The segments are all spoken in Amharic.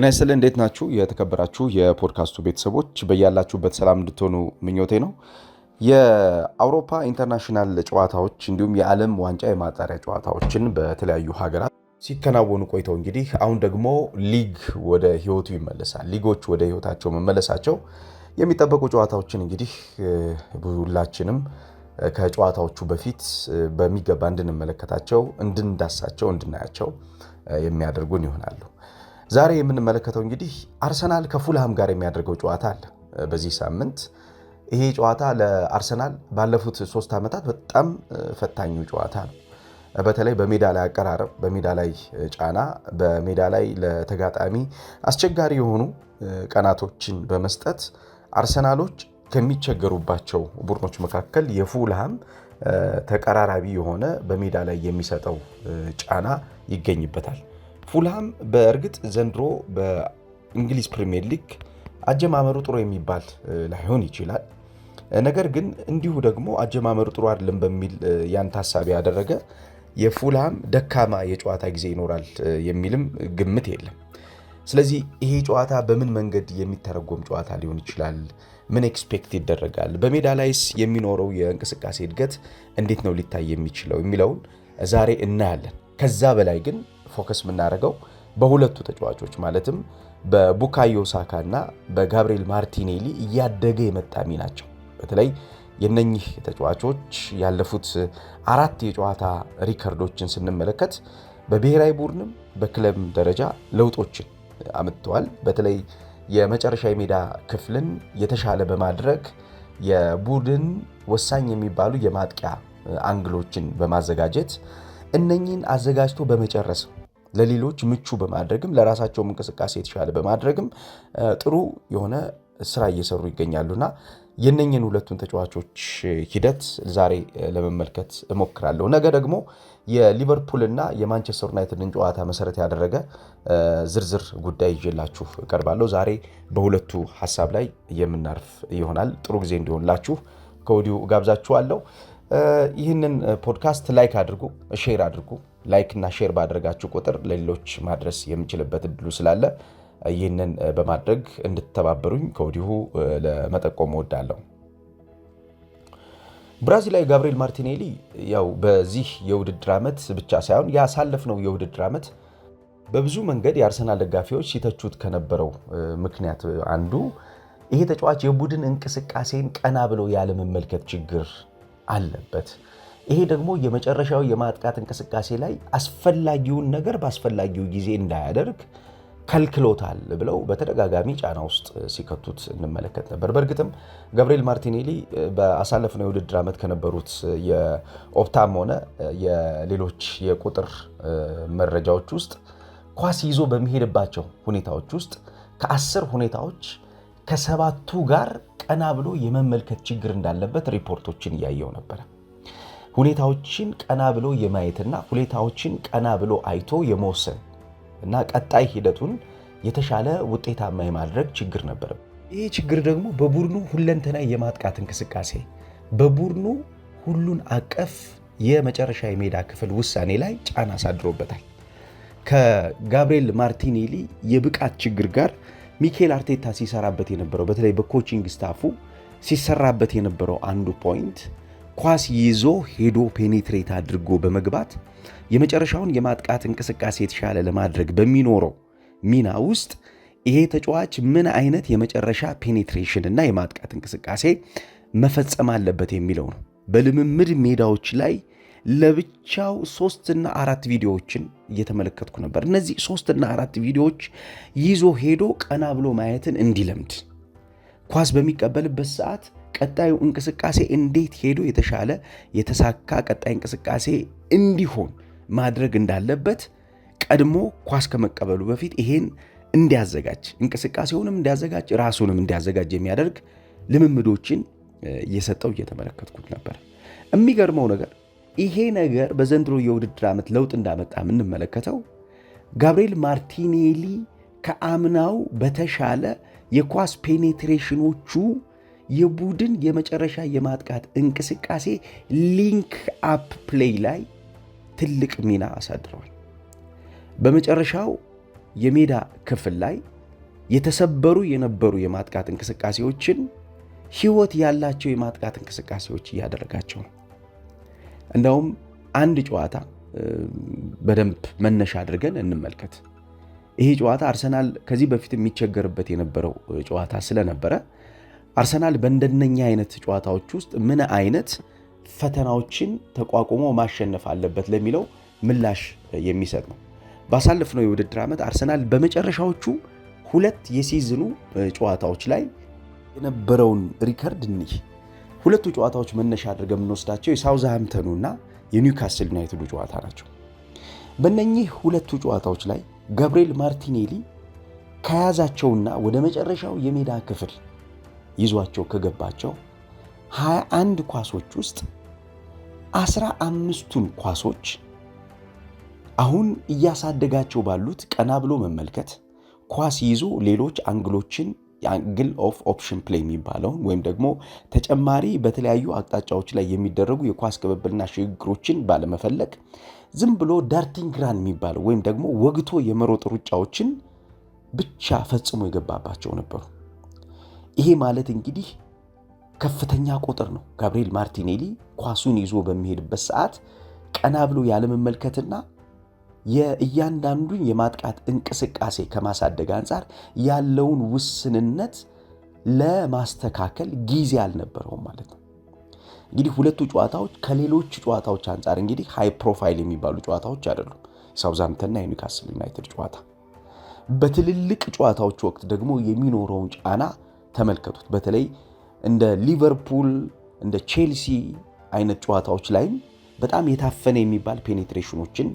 ጤና ይስጥልኝ። እንዴት ናችሁ? የተከበራችሁ የፖድካስቱ ቤተሰቦች በያላችሁበት ሰላም እንድትሆኑ ምኞቴ ነው። የአውሮፓ ኢንተርናሽናል ጨዋታዎች እንዲሁም የዓለም ዋንጫ የማጣሪያ ጨዋታዎችን በተለያዩ ሀገራት ሲከናወኑ ቆይተው እንግዲህ አሁን ደግሞ ሊግ ወደ ህይወቱ ይመለሳል። ሊጎች ወደ ህይወታቸው መመለሳቸው የሚጠበቁ ጨዋታዎችን እንግዲህ ሁላችንም ከጨዋታዎቹ በፊት በሚገባ እንድንመለከታቸው፣ እንድንዳሳቸው፣ እንድናያቸው የሚያደርጉን ይሆናሉ። ዛሬ የምንመለከተው እንግዲህ አርሰናል ከፉልሃም ጋር የሚያደርገው ጨዋታ አለ በዚህ ሳምንት። ይሄ ጨዋታ ለአርሰናል ባለፉት ሶስት ዓመታት በጣም ፈታኙ ጨዋታ ነው። በተለይ በሜዳ ላይ አቀራረብ፣ በሜዳ ላይ ጫና፣ በሜዳ ላይ ለተጋጣሚ አስቸጋሪ የሆኑ ቀናቶችን በመስጠት አርሰናሎች ከሚቸገሩባቸው ቡድኖች መካከል የፉልሃም ተቀራራቢ የሆነ በሜዳ ላይ የሚሰጠው ጫና ይገኝበታል። ፉልሃም በእርግጥ ዘንድሮ በእንግሊዝ ፕሪምየር ሊግ አጀማመሩ ጥሩ የሚባል ላይሆን ይችላል። ነገር ግን እንዲሁ ደግሞ አጀማመሩ ጥሩ አይደለም በሚል ያን ታሳቢ ያደረገ የፉልሃም ደካማ የጨዋታ ጊዜ ይኖራል የሚልም ግምት የለም። ስለዚህ ይሄ ጨዋታ በምን መንገድ የሚተረጎም ጨዋታ ሊሆን ይችላል? ምን ኤክስፔክት ይደረጋል? በሜዳ ላይስ የሚኖረው የእንቅስቃሴ እድገት እንዴት ነው ሊታይ የሚችለው የሚለውን ዛሬ እናያለን። ከዛ በላይ ግን ፎከስ የምናደርገው በሁለቱ ተጫዋቾች ማለትም በቡካዮ ሳካ እና በጋብሪኤል ማርቲኔሊ እያደገ የመጣ ሚናቸው በተለይ የነኚህ ተጫዋቾች ያለፉት አራት የጨዋታ ሪከርዶችን ስንመለከት በብሔራዊ ቡድንም በክለብ ደረጃ ለውጦችን አምጥተዋል። በተለይ የመጨረሻ የሜዳ ክፍልን የተሻለ በማድረግ የቡድን ወሳኝ የሚባሉ የማጥቂያ አንግሎችን በማዘጋጀት እነኚህን አዘጋጅቶ በመጨረስ ለሌሎች ምቹ በማድረግም ለራሳቸውም እንቅስቃሴ የተሻለ በማድረግም ጥሩ የሆነ ስራ እየሰሩ ይገኛሉና የነኝን ሁለቱን ተጫዋቾች ሂደት ዛሬ ለመመልከት እሞክራለሁ። ነገ ደግሞ የሊቨርፑልና የማንቸስተር ዩናይትድን ጨዋታ መሰረት ያደረገ ዝርዝር ጉዳይ ይዤላችሁ እቀርባለሁ። ዛሬ በሁለቱ ሀሳብ ላይ የምናርፍ ይሆናል። ጥሩ ጊዜ እንዲሆንላችሁ ከወዲሁ ጋብዛችኋለሁ። ይህንን ፖድካስት ላይክ አድርጉ፣ ሼር አድርጉ። እና ሼር ባደረጋችሁ ቁጥር ለሌሎች ማድረስ የምችልበት እድሉ ስላለ ይህንን በማድረግ እንድትተባበሩኝ ከወዲሁ ለመጠቆም እወዳለሁ። ብራዚላዊ ጋብሪኤል ማርቲኔሊ ያው በዚህ የውድድር ዓመት ብቻ ሳይሆን ያሳለፍነው የውድድር ዓመት በብዙ መንገድ የአርሰናል ደጋፊዎች ሲተቹት ከነበረው ምክንያት አንዱ ይሄ ተጫዋች የቡድን እንቅስቃሴን ቀና ብሎ ያለመመልከት ችግር አለበት። ይሄ ደግሞ የመጨረሻው የማጥቃት እንቅስቃሴ ላይ አስፈላጊውን ነገር በአስፈላጊው ጊዜ እንዳያደርግ ከልክሎታል ብለው በተደጋጋሚ ጫና ውስጥ ሲከቱት እንመለከት ነበር። በእርግጥም ገብርኤል ማርቲኔሊ በአሳለፍነው የውድድር ዓመት ከነበሩት የኦፕታም ሆነ የሌሎች የቁጥር መረጃዎች ውስጥ ኳስ ይዞ በሚሄድባቸው ሁኔታዎች ውስጥ ከአስር ሁኔታዎች ከሰባቱ ጋር ቀና ብሎ የመመልከት ችግር እንዳለበት ሪፖርቶችን እያየው ነበር። ሁኔታዎችን ቀና ብሎ የማየትና ሁኔታዎችን ቀና ብሎ አይቶ የመወሰን እና ቀጣይ ሂደቱን የተሻለ ውጤታማ የማድረግ ችግር ነበረ። ይህ ችግር ደግሞ በቡድኑ ሁለንተና የማጥቃት እንቅስቃሴ በቡድኑ ሁሉን አቀፍ የመጨረሻ የሜዳ ክፍል ውሳኔ ላይ ጫና አሳድሮበታል። ከጋብሪኤል ማርቲኔሊ የብቃት ችግር ጋር ሚኬል አርቴታ ሲሰራበት የነበረው በተለይ በኮቺንግ ስታፉ ሲሰራበት የነበረው አንዱ ፖይንት ኳስ ይዞ ሄዶ ፔኔትሬት አድርጎ በመግባት የመጨረሻውን የማጥቃት እንቅስቃሴ የተሻለ ለማድረግ በሚኖረው ሚና ውስጥ ይሄ ተጫዋች ምን አይነት የመጨረሻ ፔኔትሬሽን እና የማጥቃት እንቅስቃሴ መፈጸም አለበት የሚለው ነው። በልምምድ ሜዳዎች ላይ ለብቻው ሶስትና አራት ቪዲዮዎችን እየተመለከትኩ ነበር። እነዚህ ሶስትና አራት ቪዲዮዎች ይዞ ሄዶ ቀና ብሎ ማየትን እንዲለምድ ኳስ በሚቀበልበት ሰዓት ቀጣዩ እንቅስቃሴ እንዴት ሄዶ የተሻለ የተሳካ ቀጣይ እንቅስቃሴ እንዲሆን ማድረግ እንዳለበት ቀድሞ ኳስ ከመቀበሉ በፊት ይሄን እንዲያዘጋጅ እንቅስቃሴውንም እንዲያዘጋጅ ራሱንም እንዲያዘጋጅ የሚያደርግ ልምምዶችን እየሰጠው እየተመለከትኩት ነበር። የሚገርመው ነገር ይሄ ነገር በዘንድሮ የውድድር ዓመት ለውጥ እንዳመጣ የምንመለከተው ጋብርኤል ማርቲኔሊ ከአምናው በተሻለ የኳስ ፔኔትሬሽኖቹ የቡድን የመጨረሻ የማጥቃት እንቅስቃሴ ሊንክ አፕ ፕሌይ ላይ ትልቅ ሚና አሳድረዋል። በመጨረሻው የሜዳ ክፍል ላይ የተሰበሩ የነበሩ የማጥቃት እንቅስቃሴዎችን ሕይወት ያላቸው የማጥቃት እንቅስቃሴዎች እያደረጋቸው ነው። እንደውም አንድ ጨዋታ በደንብ መነሻ አድርገን እንመልከት። ይሄ ጨዋታ አርሰናል ከዚህ በፊት የሚቸገርበት የነበረው ጨዋታ ስለነበረ አርሰናል በእንደነኛ አይነት ጨዋታዎች ውስጥ ምን አይነት ፈተናዎችን ተቋቁሞ ማሸነፍ አለበት ለሚለው ምላሽ የሚሰጥ ነው። ባሳለፍነው የውድድር ዓመት አርሰናል በመጨረሻዎቹ ሁለት የሲዝኑ ጨዋታዎች ላይ የነበረውን ሪከርድ እኒህ ሁለቱ ጨዋታዎች መነሻ አድርገን የምንወስዳቸው እና የኒውካስል ዩናይትዱ ጨዋታ ናቸው። በእነኚህ ሁለቱ ጨዋታዎች ላይ ገብርኤል ማርቲኔሊ ከያዛቸውና ወደ መጨረሻው የሜዳ ክፍል ይዟቸው ከገባቸው 21 ኳሶች ውስጥ አስራ አምስቱን ኳሶች አሁን እያሳደጋቸው ባሉት ቀና ብሎ መመልከት ኳስ ይዞ ሌሎች አንግሎችን የአንግል ኦፍ ኦፕሽን ፕሌይ የሚባለውን ወይም ደግሞ ተጨማሪ በተለያዩ አቅጣጫዎች ላይ የሚደረጉ የኳስ ቅብብልና ሽግግሮችን ባለመፈለግ ዝም ብሎ ዳርቲንግ ራን የሚባለው ወይም ደግሞ ወግቶ የመሮጥ ሩጫዎችን ብቻ ፈጽሞ የገባባቸው ነበሩ። ይሄ ማለት እንግዲህ ከፍተኛ ቁጥር ነው። ጋብሪኤል ማርቲኔሊ ኳሱን ይዞ በሚሄድበት ሰዓት ቀና ብሎ ያለመመልከትና የእያንዳንዱን የማጥቃት እንቅስቃሴ ከማሳደግ አንጻር ያለውን ውስንነት ለማስተካከል ጊዜ አልነበረውም ማለት ነው። እንግዲህ ሁለቱ ጨዋታዎች ከሌሎች ጨዋታዎች አንጻር እንግዲህ ሃይ ፕሮፋይል የሚባሉ ጨዋታዎች አይደሉም። ሳውዛምተንና የኒውካስል ዩናይትድ ጨዋታ በትልልቅ ጨዋታዎች ወቅት ደግሞ የሚኖረውን ጫና ተመልከቱት። በተለይ እንደ ሊቨርፑል እንደ ቼልሲ አይነት ጨዋታዎች ላይም በጣም የታፈነ የሚባል ፔኔትሬሽኖችን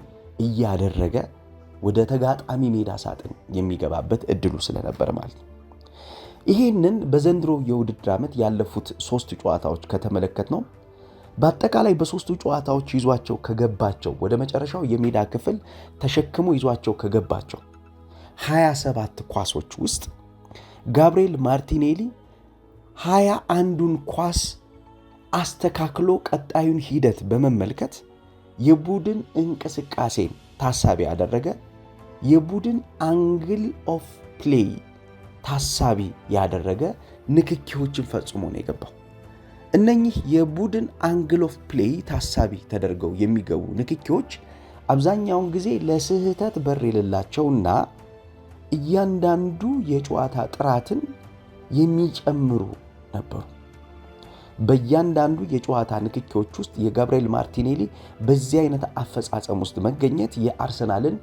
እያደረገ ወደ ተጋጣሚ ሜዳ ሳጥን የሚገባበት እድሉ ስለነበር ማለት ነው። ይህንን በዘንድሮ የውድድር ዓመት ያለፉት ሶስት ጨዋታዎች ከተመለከት ነው በአጠቃላይ በሶስቱ ጨዋታዎች ይዟቸው ከገባቸው ወደ መጨረሻው የሜዳ ክፍል ተሸክሞ ይዟቸው ከገባቸው 27 ኳሶች ውስጥ ጋብርኤል ማርቲኔሊ ሀያ አንዱን ኳስ አስተካክሎ ቀጣዩን ሂደት በመመልከት የቡድን እንቅስቃሴን ታሳቢ ያደረገ የቡድን አንግል ኦፍ ፕሌይ ታሳቢ ያደረገ ንክኪዎችን ፈጽሞ ነው የገባው። እነኚህ የቡድን አንግል ኦፍ ፕሌይ ታሳቢ ተደርገው የሚገቡ ንክኪዎች አብዛኛውን ጊዜ ለስህተት በር የሌላቸውና እያንዳንዱ የጨዋታ ጥራትን የሚጨምሩ ነበሩ። በእያንዳንዱ የጨዋታ ንክኪዎች ውስጥ የጋብርኤል ማርቲኔሊ በዚህ አይነት አፈጻጸም ውስጥ መገኘት የአርሰናልን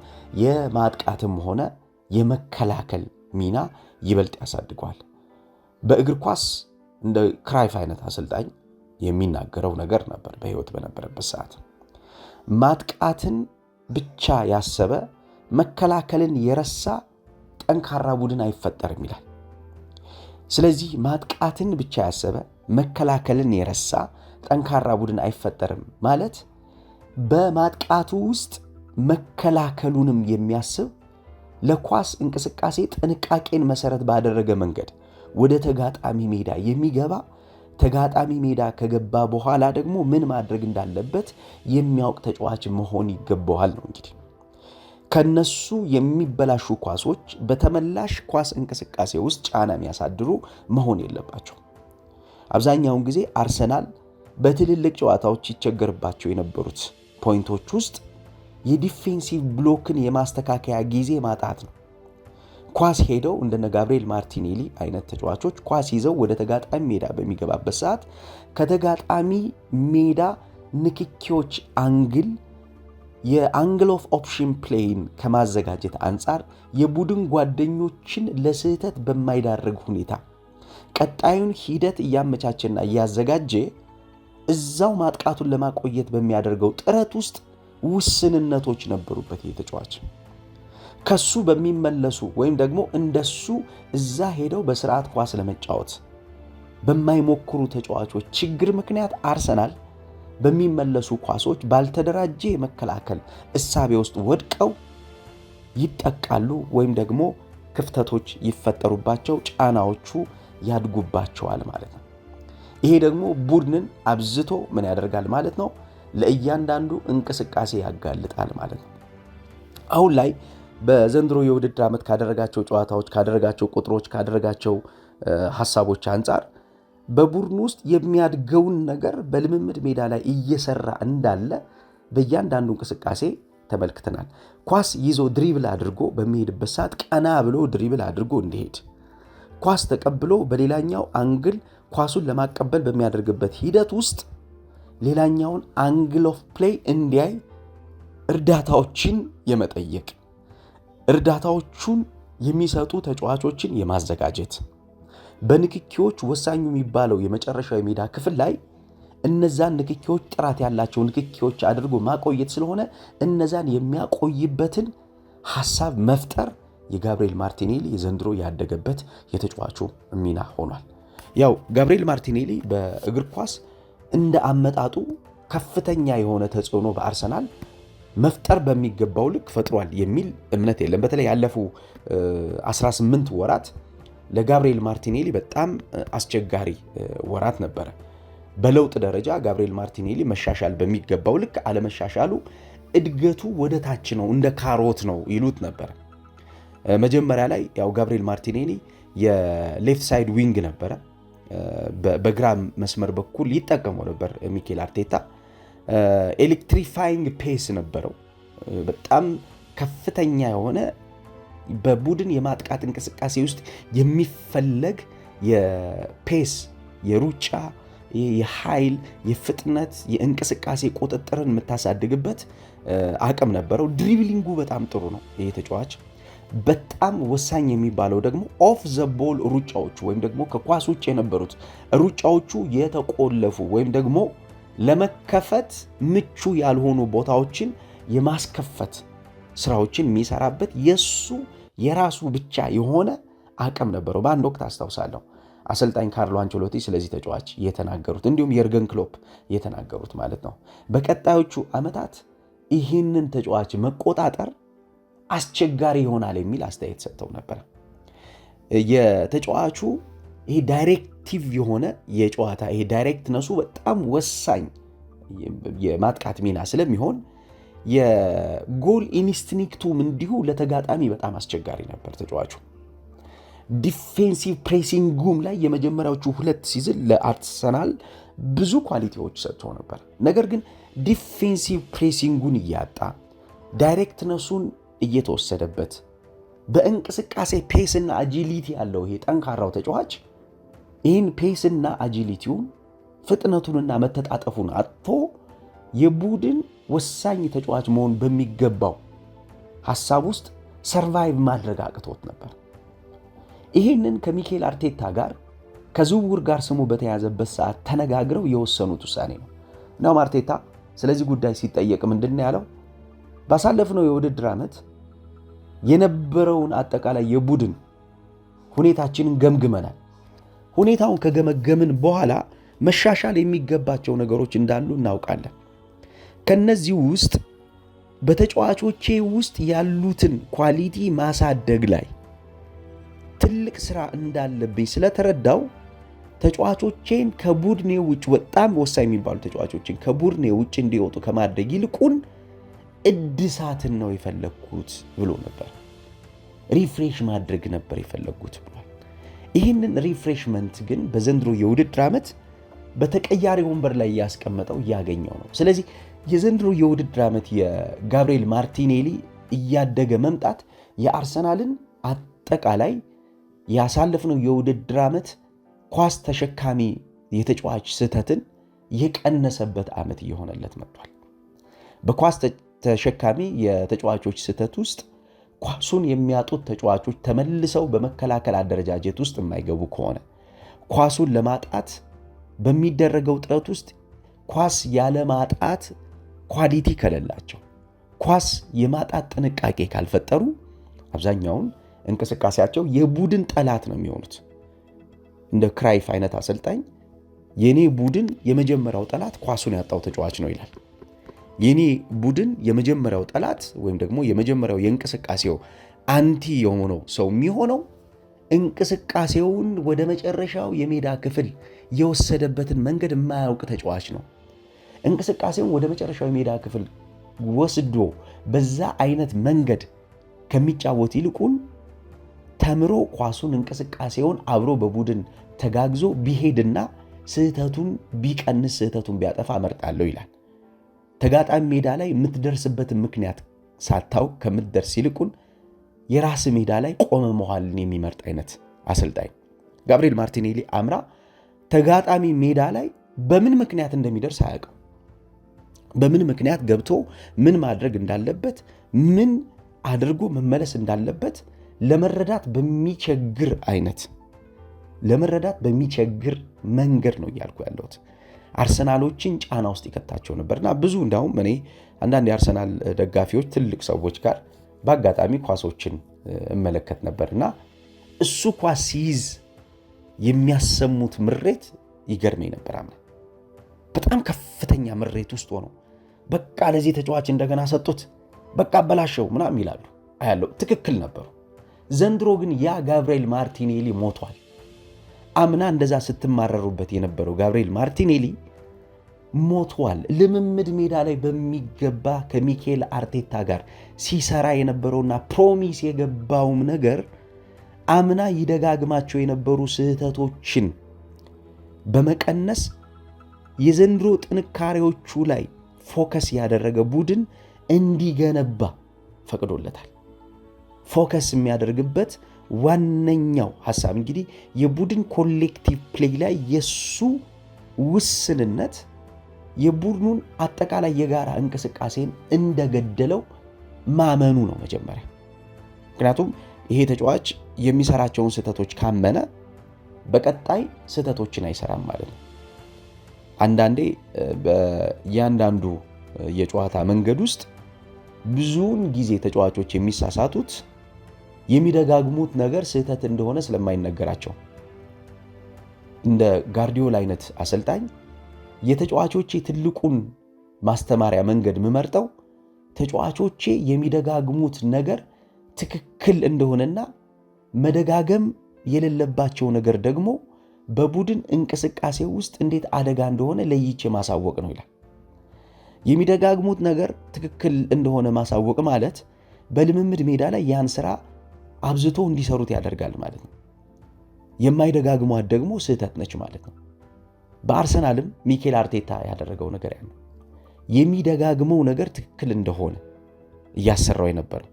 የማጥቃትም ሆነ የመከላከል ሚና ይበልጥ ያሳድገዋል። በእግር ኳስ እንደ ክራይፍ አይነት አሰልጣኝ የሚናገረው ነገር ነበር። በህይወት በነበረበት ሰዓት ማጥቃትን ብቻ ያሰበ መከላከልን የረሳ ጠንካራ ቡድን አይፈጠርም ይላል። ስለዚህ ማጥቃትን ብቻ ያሰበ መከላከልን የረሳ ጠንካራ ቡድን አይፈጠርም ማለት በማጥቃቱ ውስጥ መከላከሉንም የሚያስብ ለኳስ እንቅስቃሴ ጥንቃቄን መሰረት ባደረገ መንገድ ወደ ተጋጣሚ ሜዳ የሚገባ ተጋጣሚ ሜዳ ከገባ በኋላ ደግሞ ምን ማድረግ እንዳለበት የሚያውቅ ተጫዋች መሆን ይገባዋል ነው እንግዲህ ከነሱ የሚበላሹ ኳሶች በተመላሽ ኳስ እንቅስቃሴ ውስጥ ጫና የሚያሳድሩ መሆን የለባቸው። አብዛኛውን ጊዜ አርሰናል በትልልቅ ጨዋታዎች ይቸገርባቸው የነበሩት ፖይንቶች ውስጥ የዲፌንሲቭ ብሎክን የማስተካከያ ጊዜ ማጣት ነው። ኳስ ሄደው እንደነ ጋብርኤል ማርቲኔሊ አይነት ተጫዋቾች ኳስ ይዘው ወደ ተጋጣሚ ሜዳ በሚገባበት ሰዓት ከተጋጣሚ ሜዳ ንክኪዎች አንግል የአንግል ኦፍ ኦፕሽን ፕሌይን ከማዘጋጀት አንጻር የቡድን ጓደኞችን ለስህተት በማይዳርግ ሁኔታ ቀጣዩን ሂደት እያመቻቸና እያዘጋጀ እዛው ማጥቃቱን ለማቆየት በሚያደርገው ጥረት ውስጥ ውስንነቶች ነበሩበት። የተጫዋች ተጫዋች ከሱ በሚመለሱ ወይም ደግሞ እንደሱ እዛ ሄደው በስርዓት ኳስ ለመጫወት በማይሞክሩ ተጫዋቾች ችግር ምክንያት አርሰናል በሚመለሱ ኳሶች ባልተደራጀ የመከላከል እሳቤ ውስጥ ወድቀው ይጠቃሉ ወይም ደግሞ ክፍተቶች ይፈጠሩባቸው፣ ጫናዎቹ ያድጉባቸዋል ማለት ነው። ይሄ ደግሞ ቡድንን አብዝቶ ምን ያደርጋል ማለት ነው? ለእያንዳንዱ እንቅስቃሴ ያጋልጣል ማለት ነው። አሁን ላይ በዘንድሮ የውድድር ዓመት ካደረጋቸው ጨዋታዎች፣ ካደረጋቸው ቁጥሮች፣ ካደረጋቸው ሀሳቦች አንጻር በቡድኑ ውስጥ የሚያድገውን ነገር በልምምድ ሜዳ ላይ እየሰራ እንዳለ በእያንዳንዱ እንቅስቃሴ ተመልክተናል። ኳስ ይዞ ድሪብል አድርጎ በሚሄድበት ሰዓት ቀና ብሎ ድሪብል አድርጎ እንዲሄድ፣ ኳስ ተቀብሎ በሌላኛው አንግል ኳሱን ለማቀበል በሚያደርግበት ሂደት ውስጥ ሌላኛውን አንግል ኦፍ ፕሌይ እንዲያይ እርዳታዎችን የመጠየቅ እርዳታዎቹን የሚሰጡ ተጫዋቾችን የማዘጋጀት በንክኪዎች ወሳኙ የሚባለው የመጨረሻው የሜዳ ክፍል ላይ እነዛን ንክኪዎች ጥራት ያላቸው ንክኪዎች አድርጎ ማቆየት ስለሆነ እነዛን የሚያቆይበትን ሀሳብ መፍጠር የጋብርኤል ማርቲኔሊ የዘንድሮ ያደገበት የተጫዋቹ ሚና ሆኗል። ያው ጋብርኤል ማርቲኔሊ በእግር ኳስ እንደ አመጣጡ ከፍተኛ የሆነ ተጽዕኖ በአርሰናል መፍጠር በሚገባው ልክ ፈጥሯል የሚል እምነት የለም። በተለይ ያለፉ 18 ወራት ለጋብሪኤል ማርቲኔሊ በጣም አስቸጋሪ ወራት ነበረ። በለውጥ ደረጃ ጋብሪኤል ማርቲኔሊ መሻሻል በሚገባው ልክ አለመሻሻሉ፣ እድገቱ ወደ ታች ነው፣ እንደ ካሮት ነው ይሉት ነበረ። መጀመሪያ ላይ ያው ጋብሪኤል ማርቲኔሊ የሌፍት ሳይድ ዊንግ ነበረ። በግራ መስመር በኩል ይጠቀመው ነበር ሚኬል አርቴታ። ኤሌክትሪፋይንግ ፔስ ነበረው። በጣም ከፍተኛ የሆነ በቡድን የማጥቃት እንቅስቃሴ ውስጥ የሚፈለግ የፔስ የሩጫ የኃይል የፍጥነት የእንቅስቃሴ ቁጥጥርን የምታሳድግበት አቅም ነበረው። ድሪብሊንጉ በጣም ጥሩ ነው ይሄ ተጫዋች። በጣም ወሳኝ የሚባለው ደግሞ ኦፍ ዘ ቦል ሩጫዎቹ ወይም ደግሞ ከኳስ ውጭ የነበሩት ሩጫዎቹ የተቆለፉ ወይም ደግሞ ለመከፈት ምቹ ያልሆኑ ቦታዎችን የማስከፈት ስራዎችን የሚሰራበት የእሱ የራሱ ብቻ የሆነ አቅም ነበረው። በአንድ ወቅት አስታውሳለሁ አሰልጣኝ ካርሎ አንቸሎቲ ስለዚህ ተጫዋች የተናገሩት እንዲሁም የርገን ክሎፕ የተናገሩት ማለት ነው በቀጣዮቹ ዓመታት ይህንን ተጫዋች መቆጣጠር አስቸጋሪ ይሆናል የሚል አስተያየት ሰጥተው ነበር። የተጫዋቹ ይሄ ዳይሬክቲቭ የሆነ የጨዋታ ይሄ ዳይሬክትነሱ በጣም ወሳኝ የማጥቃት ሚና ስለሚሆን የጎል ኢንስቲንክቱም እንዲሁ ለተጋጣሚ በጣም አስቸጋሪ ነበር ተጫዋቹ። ዲፌንሲቭ ፕሬሲንጉም ላይ የመጀመሪያዎቹ ሁለት ሲዝን ለአርሰናል ብዙ ኳሊቲዎች ሰጥቶ ነበር። ነገር ግን ዲፌንሲቭ ፕሬሲንጉን እያጣ ዳይሬክትነሱን እየተወሰደበት በእንቅስቃሴ ፔስና አጂሊቲ ያለው ይሄ ጠንካራው ተጫዋች ይህን ፔስና አጂሊቲውን ፍጥነቱንና መተጣጠፉን አጥቶ የቡድን ወሳኝ ተጫዋች መሆን በሚገባው ሀሳብ ውስጥ ሰርቫይቭ ማድረግ አቅቶት ነበር። ይህንን ከሚኬል አርቴታ ጋር ከዝውውር ጋር ስሙ በተያዘበት ሰዓት ተነጋግረው የወሰኑት ውሳኔ ነው። እናም አርቴታ ስለዚህ ጉዳይ ሲጠየቅ ምንድን ነው ያለው? ባሳለፍነው የውድድር ዓመት የነበረውን አጠቃላይ የቡድን ሁኔታችንን ገምግመናል። ሁኔታውን ከገመገምን በኋላ መሻሻል የሚገባቸው ነገሮች እንዳሉ እናውቃለን። ከነዚህ ውስጥ በተጫዋቾቼ ውስጥ ያሉትን ኳሊቲ ማሳደግ ላይ ትልቅ ስራ እንዳለብኝ ስለተረዳው ተጫዋቾቼን ከቡድኔ ውጭ በጣም ወሳኝ የሚባሉ ተጫዋቾችን ከቡድኔ ውጭ እንዲወጡ ከማድረግ ይልቁን እድሳትን ነው የፈለግኩት ብሎ ነበር። ሪፍሬሽ ማድረግ ነበር የፈለግኩት ብሏል። ይህንን ሪፍሬሽመንት ግን በዘንድሮ የውድድር ዓመት በተቀያሪ ወንበር ላይ እያስቀመጠው እያገኘው ነው። ስለዚህ የዘንድሮ የውድድር ዓመት የጋብርኤል ማርቲኔሊ እያደገ መምጣት የአርሰናልን አጠቃላይ ያሳለፍነው የውድድር ዓመት ኳስ ተሸካሚ የተጫዋች ስህተትን የቀነሰበት ዓመት እየሆነለት መጥቷል። በኳስ ተሸካሚ የተጫዋቾች ስህተት ውስጥ ኳሱን የሚያጡት ተጫዋቾች ተመልሰው በመከላከል አደረጃጀት ውስጥ የማይገቡ ከሆነ ኳሱን ለማጣት በሚደረገው ጥረት ውስጥ ኳስ ያለማጣት ኳሊቲ ከሌላቸው ኳስ የማጣት ጥንቃቄ ካልፈጠሩ አብዛኛውን እንቅስቃሴያቸው የቡድን ጠላት ነው የሚሆኑት። እንደ ክራይፍ አይነት አሰልጣኝ የኔ ቡድን የመጀመሪያው ጠላት ኳሱን ያጣው ተጫዋች ነው ይላል። የኔ ቡድን የመጀመሪያው ጠላት ወይም ደግሞ የመጀመሪያው የእንቅስቃሴው አንቲ የሆነው ሰው የሚሆነው እንቅስቃሴውን ወደ መጨረሻው የሜዳ ክፍል የወሰደበትን መንገድ የማያውቅ ተጫዋች ነው። እንቅስቃሴውን ወደ መጨረሻዊ ሜዳ ክፍል ወስዶ በዛ አይነት መንገድ ከሚጫወት ይልቁን ተምሮ ኳሱን እንቅስቃሴውን አብሮ በቡድን ተጋግዞ ቢሄድና ስህተቱን ቢቀንስ ስህተቱን ቢያጠፋ እመርጣለሁ ይላል። ተጋጣሚ ሜዳ ላይ የምትደርስበት ምክንያት ሳታውቅ ከምትደርስ ይልቁን የራስ ሜዳ ላይ ቆመ መዋልን የሚመርጥ አይነት አሰልጣኝ ጋብሪኤል ማርቲኔሊ አምራ ተጋጣሚ ሜዳ ላይ በምን ምክንያት እንደሚደርስ አያውቅም። በምን ምክንያት ገብቶ ምን ማድረግ እንዳለበት ምን አድርጎ መመለስ እንዳለበት ለመረዳት በሚቸግር አይነት ለመረዳት በሚቸግር መንገድ ነው እያልኩ ያለሁት። አርሰናሎችን ጫና ውስጥ ይከታቸው ነበርና ብዙ እንዲሁም እኔ አንዳንድ የአርሰናል ደጋፊዎች ትልቅ ሰዎች ጋር በአጋጣሚ ኳሶችን እመለከት ነበርና እሱ ኳስ ሲይዝ የሚያሰሙት ምሬት ይገርመኝ ነበር። በጣም ከፍተኛ ምሬት ውስጥ ሆነው በቃ ለዚህ ተጫዋች እንደገና ሰጡት፣ በቃ በላሸው ምናምን ይላሉ አያለው። ትክክል ነበሩ። ዘንድሮ ግን ያ ጋብርኤል ማርቲኔሊ ሞቷል። አምና እንደዛ ስትማረሩበት የነበረው ጋብርኤል ማርቲኔሊ ሞቷል። ልምምድ ሜዳ ላይ በሚገባ ከሚካኤል አርቴታ ጋር ሲሰራ የነበረውና ፕሮሚስ የገባውም ነገር አምና ይደጋግማቸው የነበሩ ስህተቶችን በመቀነስ የዘንድሮ ጥንካሬዎቹ ላይ ፎከስ ያደረገ ቡድን እንዲገነባ ፈቅዶለታል። ፎከስ የሚያደርግበት ዋነኛው ሀሳብ እንግዲህ የቡድን ኮሌክቲቭ ፕሌይ ላይ የሱ ውስንነት የቡድኑን አጠቃላይ የጋራ እንቅስቃሴን እንደገደለው ማመኑ ነው መጀመሪያ። ምክንያቱም ይሄ ተጫዋች የሚሰራቸውን ስህተቶች ካመነ በቀጣይ ስህተቶችን አይሰራም ማለት ነው። አንዳንዴ በእያንዳንዱ የጨዋታ መንገድ ውስጥ ብዙውን ጊዜ ተጫዋቾች የሚሳሳቱት የሚደጋግሙት ነገር ስህተት እንደሆነ ስለማይነገራቸው። እንደ ጋርዲዮል አይነት አሰልጣኝ የተጫዋቾቼ ትልቁን ማስተማሪያ መንገድ የምመርጠው ተጫዋቾቼ የሚደጋግሙት ነገር ትክክል እንደሆነና መደጋገም የሌለባቸው ነገር ደግሞ በቡድን እንቅስቃሴ ውስጥ እንዴት አደጋ እንደሆነ ለይቼ ማሳወቅ ነው ይላል። የሚደጋግሙት ነገር ትክክል እንደሆነ ማሳወቅ ማለት በልምምድ ሜዳ ላይ ያን ስራ አብዝቶ እንዲሰሩት ያደርጋል ማለት ነው። የማይደጋግሟት ደግሞ ስህተት ነች ማለት ነው። በአርሰናልም ሚኬል አርቴታ ያደረገው ነገር ያ የሚደጋግመው ነገር ትክክል እንደሆነ እያሰራው የነበረው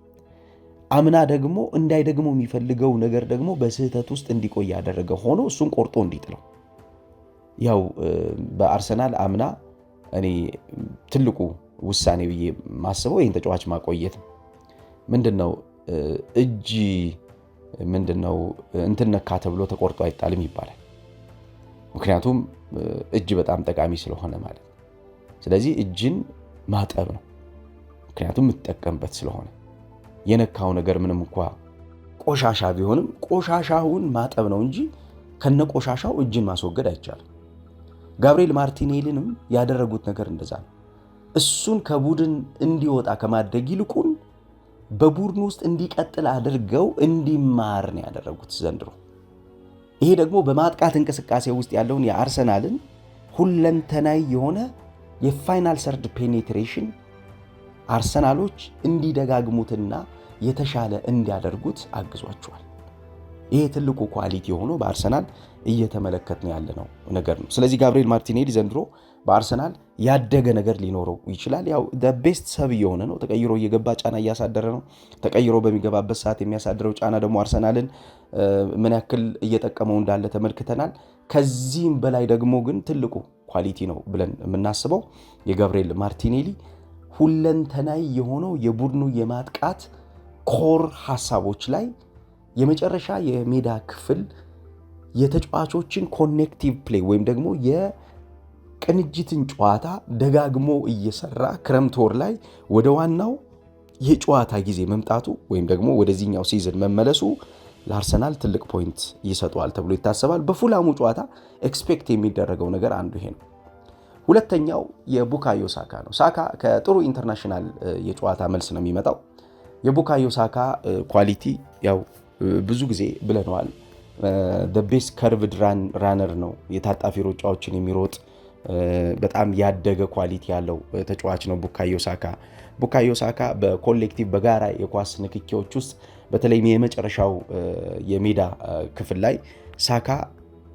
አምና ደግሞ እንዳይደግሞ የሚፈልገው ነገር ደግሞ በስህተት ውስጥ እንዲቆይ ያደረገ ሆኖ እሱን ቆርጦ እንዲጥለው ያው በአርሰናል አምና እኔ ትልቁ ውሳኔ ብዬ ማስበው ይህን ተጫዋች ማቆየት ምንድነው እጅ ምንድነው እንትን ነካ ተብሎ ተቆርጦ አይጣልም ይባላል። ምክንያቱም እጅ በጣም ጠቃሚ ስለሆነ ማለት ስለዚህ እጅን ማጠብ ነው፣ ምክንያቱም የምትጠቀምበት ስለሆነ የነካው ነገር ምንም እንኳ ቆሻሻ ቢሆንም ቆሻሻውን ማጠብ ነው እንጂ ከነ ቆሻሻው እጅን ማስወገድ አይቻልም። ጋብርኤል ማርቲኔሊንም ያደረጉት ነገር እንደዛ ነው። እሱን ከቡድን እንዲወጣ ከማድረግ ይልቁን በቡድን ውስጥ እንዲቀጥል አድርገው እንዲማር ነው ያደረጉት ዘንድሮ። ይሄ ደግሞ በማጥቃት እንቅስቃሴ ውስጥ ያለውን የአርሰናልን ሁለንተናይ የሆነ የፋይናል ሰርድ ፔኔትሬሽን አርሰናሎች እንዲደጋግሙትና የተሻለ እንዲያደርጉት አግዟቸዋል። ይሄ ትልቁ ኳሊቲ ሆኖ በአርሰናል ያለ ነው ነገር ነው። ስለዚህ ጋብሪኤል ማርቲኔሊ ዘንድሮ በአርሰናል ያደገ ነገር ሊኖረው ይችላል። ያው ቤስት ሰብ እየሆነ ነው። ተቀይሮ እየገባ ጫና እያሳደረ ነው። ተቀይሮ በሚገባበት ሰዓት የሚያሳድረው ጫና ደግሞ አርሰናልን ምን ያክል እየጠቀመው እንዳለ ተመልክተናል። ከዚህም በላይ ደግሞ ግን ትልቁ ኳሊቲ ነው ብለን የምናስበው የገብርኤል ማርቲኔሊ ሁለንተናይ የሆነው የቡድኑ የማጥቃት ኮር ሀሳቦች ላይ የመጨረሻ የሜዳ ክፍል የተጫዋቾችን ኮኔክቲቭ ፕሌይ ወይም ደግሞ የቅንጅትን ጨዋታ ደጋግሞ እየሰራ ክረምት ወር ላይ ወደ ዋናው የጨዋታ ጊዜ መምጣቱ ወይም ደግሞ ወደዚህኛው ሲዝን መመለሱ ለአርሰናል ትልቅ ፖይንት ይሰጠዋል ተብሎ ይታሰባል። በፉላሙ ጨዋታ ኤክስፔክት የሚደረገው ነገር አንዱ ይሄ ነው። ሁለተኛው የቡካዮ ሳካ ነው። ሳካ ከጥሩ ኢንተርናሽናል የጨዋታ መልስ ነው የሚመጣው። የቡካዮ ሳካ ኳሊቲ ያው ብዙ ጊዜ ብለነዋል። ቤስ ከርቭድ ራነር ነው። የታጣፊ ሩጫዎችን የሚሮጥ በጣም ያደገ ኳሊቲ ያለው ተጫዋች ነው ቡካዮ ሳካ። ቡካዮ ሳካ በኮሌክቲቭ በጋራ የኳስ ንክኪዎች ውስጥ በተለይም የመጨረሻው የሜዳ ክፍል ላይ ሳካ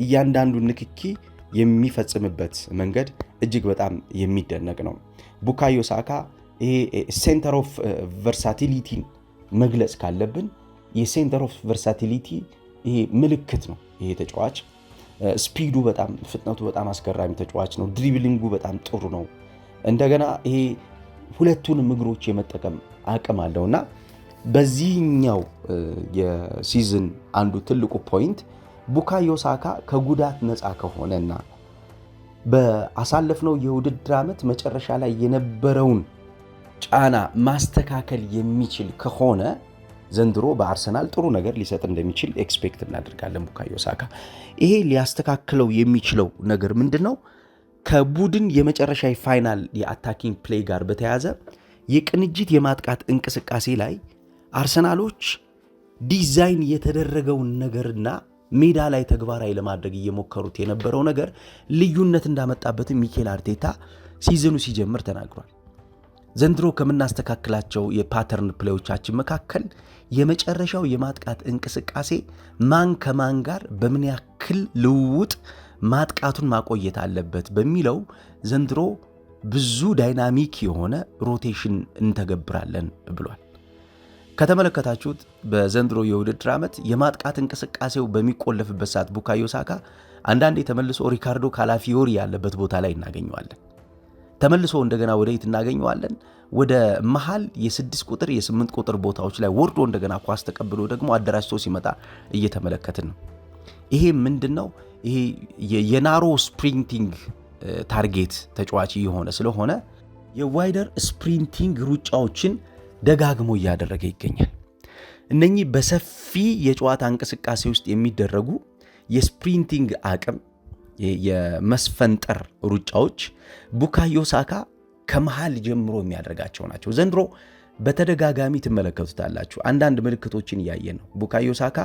እያንዳንዱን ንክኪ የሚፈጽምበት መንገድ እጅግ በጣም የሚደነቅ ነው። ቡካዮ ሳካ ይሄ ሴንተር ኦፍ ቨርሳቲሊቲን መግለጽ ካለብን የሴንተር ኦፍ ቨርሳቲሊቲ ይሄ ምልክት ነው። ይሄ ተጫዋች ስፒዱ በጣም ፍጥነቱ በጣም አስገራሚ ተጫዋች ነው። ድሪብሊንጉ በጣም ጥሩ ነው። እንደገና ይሄ ሁለቱንም እግሮች የመጠቀም አቅም አለው እና በዚህኛው የሲዝን አንዱ ትልቁ ፖይንት ቡካዮ ሳካ ከጉዳት ነፃ ከሆነና በአሳለፍነው የውድድር ዓመት መጨረሻ ላይ የነበረውን ጫና ማስተካከል የሚችል ከሆነ ዘንድሮ በአርሰናል ጥሩ ነገር ሊሰጥ እንደሚችል ኤክስፔክት እናደርጋለን። ቡካዮ ሳካ ይሄ ሊያስተካክለው የሚችለው ነገር ምንድን ነው? ከቡድን የመጨረሻ ፋይናል የአታኪንግ ፕሌይ ጋር በተያያዘ የቅንጅት የማጥቃት እንቅስቃሴ ላይ አርሰናሎች ዲዛይን የተደረገውን ነገርና ሜዳ ላይ ተግባራዊ ለማድረግ እየሞከሩት የነበረው ነገር ልዩነት እንዳመጣበትም ሚኬል አርቴታ ሲዝኑ ሲጀምር ተናግሯል። ዘንድሮ ከምናስተካክላቸው የፓተርን ፕሌዎቻችን መካከል የመጨረሻው የማጥቃት እንቅስቃሴ ማን ከማን ጋር በምን ያክል ልውውጥ ማጥቃቱን ማቆየት አለበት በሚለው ዘንድሮ ብዙ ዳይናሚክ የሆነ ሮቴሽን እንተገብራለን ብሏል። ከተመለከታችሁት በዘንድሮ የውድድር ዓመት የማጥቃት እንቅስቃሴው በሚቆለፍበት ሰዓት ቡካዮ ሳካ አንዳንዴ ተመልሶ ሪካርዶ ካላፊዮሪ ያለበት ቦታ ላይ እናገኘዋለን። ተመልሶ እንደገና ወደ የት እናገኘዋለን? ወደ መሃል የስድስት ቁጥር የስምንት ቁጥር ቦታዎች ላይ ወርዶ እንደገና ኳስ ተቀብሎ ደግሞ አደራጅቶ ሲመጣ እየተመለከትን ነው። ይሄ ምንድን ነው? ይሄ የናሮ ስፕሪንቲንግ ታርጌት ተጫዋች የሆነ ስለሆነ የዋይደር ስፕሪንቲንግ ሩጫዎችን ደጋግሞ እያደረገ ይገኛል። እነኚህ በሰፊ የጨዋታ እንቅስቃሴ ውስጥ የሚደረጉ የስፕሪንቲንግ አቅም የመስፈንጠር ሩጫዎች ቡካዮ ሳካ ከመሃል ጀምሮ የሚያደርጋቸው ናቸው። ዘንድሮ በተደጋጋሚ ትመለከቱታላችሁ። አንዳንድ ምልክቶችን እያየ ነው። ቡካዮ ሳካ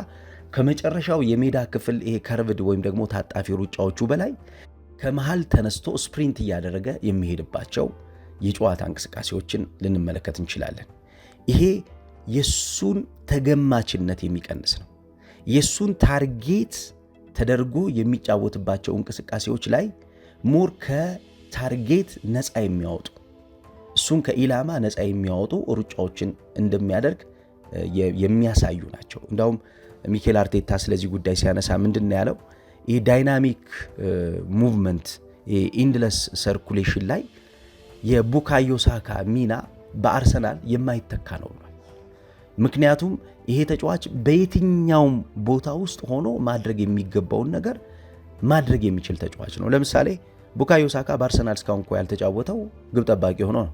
ከመጨረሻው የሜዳ ክፍል ይሄ ከርብድ ወይም ደግሞ ታጣፊ ሩጫዎቹ በላይ ከመሃል ተነስቶ ስፕሪንት እያደረገ የሚሄድባቸው የጨዋታ እንቅስቃሴዎችን ልንመለከት እንችላለን። ይሄ የእሱን ተገማችነት የሚቀንስ ነው። የእሱን ታርጌት ተደርጎ የሚጫወትባቸው እንቅስቃሴዎች ላይ ሞር ከታርጌት ነፃ የሚያወጡ እሱን ከኢላማ ነፃ የሚያወጡ ሩጫዎችን እንደሚያደርግ የሚያሳዩ ናቸው። እንዲሁም ሚኬል አርቴታ ስለዚህ ጉዳይ ሲያነሳ ምንድን ያለው? ይህ ዳይናሚክ ሙቭመንት ኢንድለስ ሰርኩሌሽን ላይ የቡካዮ ሳካ ሚና በአርሰናል የማይተካ ነው ብሏል። ምክንያቱም ይሄ ተጫዋች በየትኛውም ቦታ ውስጥ ሆኖ ማድረግ የሚገባውን ነገር ማድረግ የሚችል ተጫዋች ነው። ለምሳሌ ቡካዮ ሳካ በአርሰናል እስካሁን እኮ ያልተጫወተው ግብ ጠባቂ ሆኖ ነው።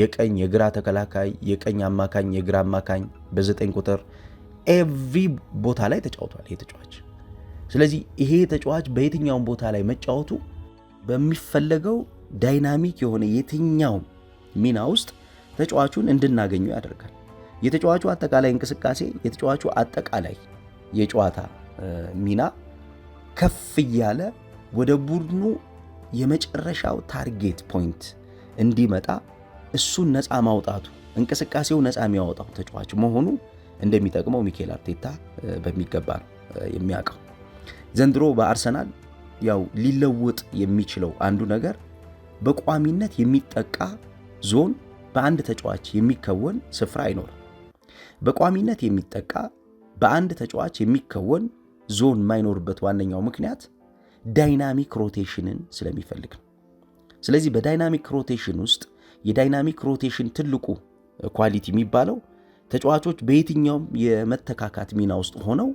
የቀኝ የግራ ተከላካይ፣ የቀኝ አማካኝ፣ የግራ አማካኝ፣ በዘጠኝ ቁጥር ኤቭሪ ቦታ ላይ ተጫውቷል ይሄ ተጫዋች። ስለዚህ ይሄ ተጫዋች በየትኛውም ቦታ ላይ መጫወቱ በሚፈለገው ዳይናሚክ የሆነ የትኛውም ሚና ውስጥ ተጫዋቹን እንድናገኙ ያደርጋል። የተጫዋቹ አጠቃላይ እንቅስቃሴ፣ የተጫዋቹ አጠቃላይ የጨዋታ ሚና ከፍ እያለ ወደ ቡድኑ የመጨረሻው ታርጌት ፖይንት እንዲመጣ እሱን ነፃ ማውጣቱ እንቅስቃሴው ነፃ የሚያወጣው ተጫዋች መሆኑ እንደሚጠቅመው ሚኬል አርቴታ በሚገባ ነው የሚያውቀው። ዘንድሮ በአርሰናል ያው ሊለወጥ የሚችለው አንዱ ነገር በቋሚነት የሚጠቃ ዞን በአንድ ተጫዋች የሚከወን ስፍራ አይኖርም። በቋሚነት የሚጠቃ በአንድ ተጫዋች የሚከወን ዞን የማይኖርበት ዋነኛው ምክንያት ዳይናሚክ ሮቴሽንን ስለሚፈልግ ነው። ስለዚህ በዳይናሚክ ሮቴሽን ውስጥ የዳይናሚክ ሮቴሽን ትልቁ ኳሊቲ የሚባለው ተጫዋቾች በየትኛውም የመተካካት ሚና ውስጥ ሆነው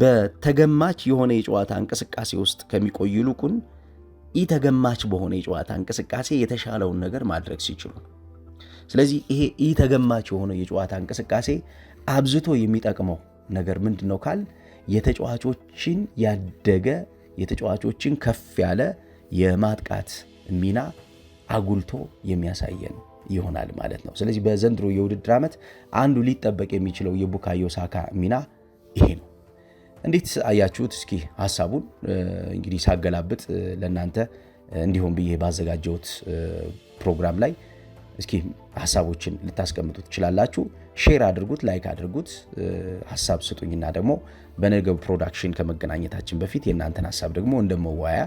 በተገማች የሆነ የጨዋታ እንቅስቃሴ ውስጥ ከሚቆዩ ይልቁን ኢተገማች በሆነ የጨዋታ እንቅስቃሴ የተሻለውን ነገር ማድረግ ሲችሉ ነው። ስለዚህ ይሄ ኢተገማች የሆነ የጨዋታ እንቅስቃሴ አብዝቶ የሚጠቅመው ነገር ምንድን ነው ካል የተጫዋቾችን ያደገ የተጫዋቾችን ከፍ ያለ የማጥቃት ሚና አጉልቶ የሚያሳየን ይሆናል ማለት ነው። ስለዚህ በዘንድሮ የውድድር ዓመት አንዱ ሊጠበቅ የሚችለው የቡካዮ ሳካ ሚና ይሄ ነው። እንዴት አያችሁት? እስኪ ሀሳቡን እንግዲህ ሳገላብጥ ለእናንተ እንዲሆን ብዬ ባዘጋጀሁት ፕሮግራም ላይ እስኪ ሀሳቦችን ልታስቀምጡ ትችላላችሁ። ሼር አድርጉት፣ ላይክ አድርጉት፣ ሀሳብ ስጡኝና ደግሞ በነገው ፕሮዳክሽን ከመገናኘታችን በፊት የእናንተን ሀሳብ ደግሞ እንደመዋያ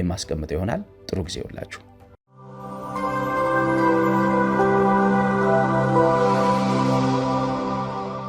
የማስቀምጠው ይሆናል። ጥሩ ጊዜ ይውላችሁ።